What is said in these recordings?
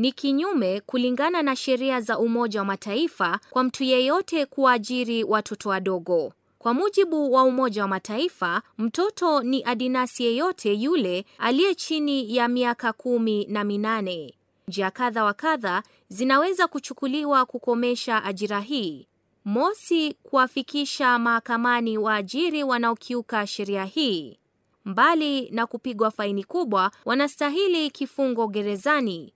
Ni kinyume kulingana na sheria za Umoja wa Mataifa kwa mtu yeyote kuwaajiri watoto wadogo. Kwa mujibu wa Umoja wa Mataifa, mtoto ni adinasi yeyote yule aliye chini ya miaka kumi na minane. Njia kadha wa kadha zinaweza kuchukuliwa kukomesha ajira hii. Mosi, kuwafikisha mahakamani waajiri wanaokiuka sheria hii. Mbali na kupigwa faini kubwa, wanastahili kifungo gerezani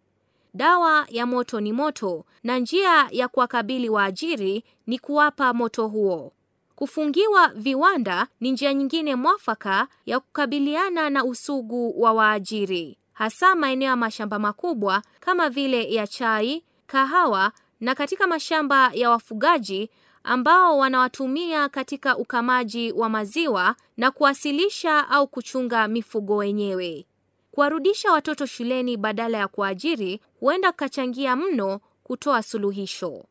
dawa ya moto ni moto na njia ya kuwakabili waajiri ni kuwapa moto huo. Kufungiwa viwanda ni njia nyingine mwafaka ya kukabiliana na usugu wa waajiri, hasa maeneo ya mashamba makubwa kama vile ya chai, kahawa na katika mashamba ya wafugaji ambao wanawatumia katika ukamaji wa maziwa na kuwasilisha au kuchunga mifugo wenyewe. Kuwarudisha watoto shuleni badala ya kuajiri huenda kukachangia mno kutoa suluhisho.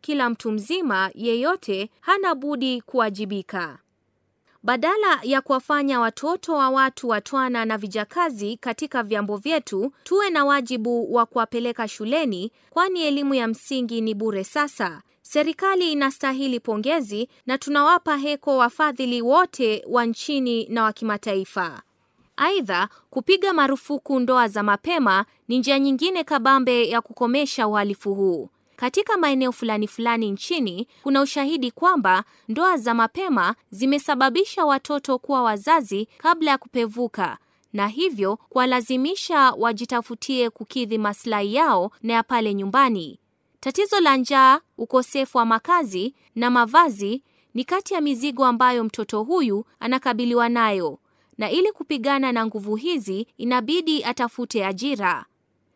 Kila mtu mzima yeyote hana budi kuwajibika. Badala ya kuwafanya watoto wa watu watwana na vijakazi katika vyambo vyetu, tuwe na wajibu wa kuwapeleka shuleni, kwani elimu ya msingi ni bure sasa. Serikali inastahili pongezi na tunawapa heko wafadhili wote wa nchini na wa kimataifa. Aidha, kupiga marufuku ndoa za mapema ni njia nyingine kabambe ya kukomesha uhalifu huu. Katika maeneo fulani fulani nchini kuna ushahidi kwamba ndoa za mapema zimesababisha watoto kuwa wazazi kabla ya kupevuka na hivyo kuwalazimisha wajitafutie kukidhi maslahi yao na ya pale nyumbani. Tatizo la njaa, ukosefu wa makazi na mavazi ni kati ya mizigo ambayo mtoto huyu anakabiliwa nayo na ili kupigana na nguvu hizi inabidi atafute ajira.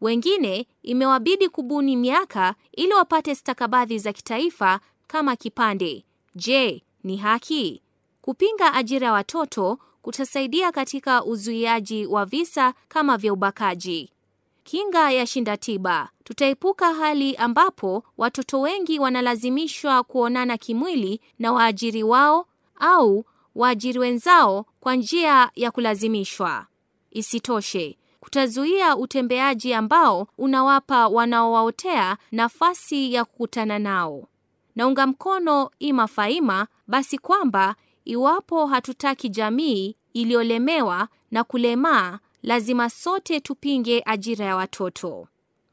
Wengine imewabidi kubuni miaka ili wapate stakabadhi za kitaifa kama kipande. Je, ni haki? Kupinga ajira ya watoto kutasaidia katika uzuiaji wa visa kama vya ubakaji. Kinga ya shinda tiba, tutaepuka hali ambapo watoto wengi wanalazimishwa kuonana kimwili na waajiri wao au waajiri wenzao kwa njia ya kulazimishwa. Isitoshe, kutazuia utembeaji ambao unawapa wanaowaotea nafasi ya kukutana nao. Naunga mkono Ima Faima basi kwamba iwapo hatutaki jamii iliyolemewa na kulemaa, lazima sote tupinge ajira ya watoto.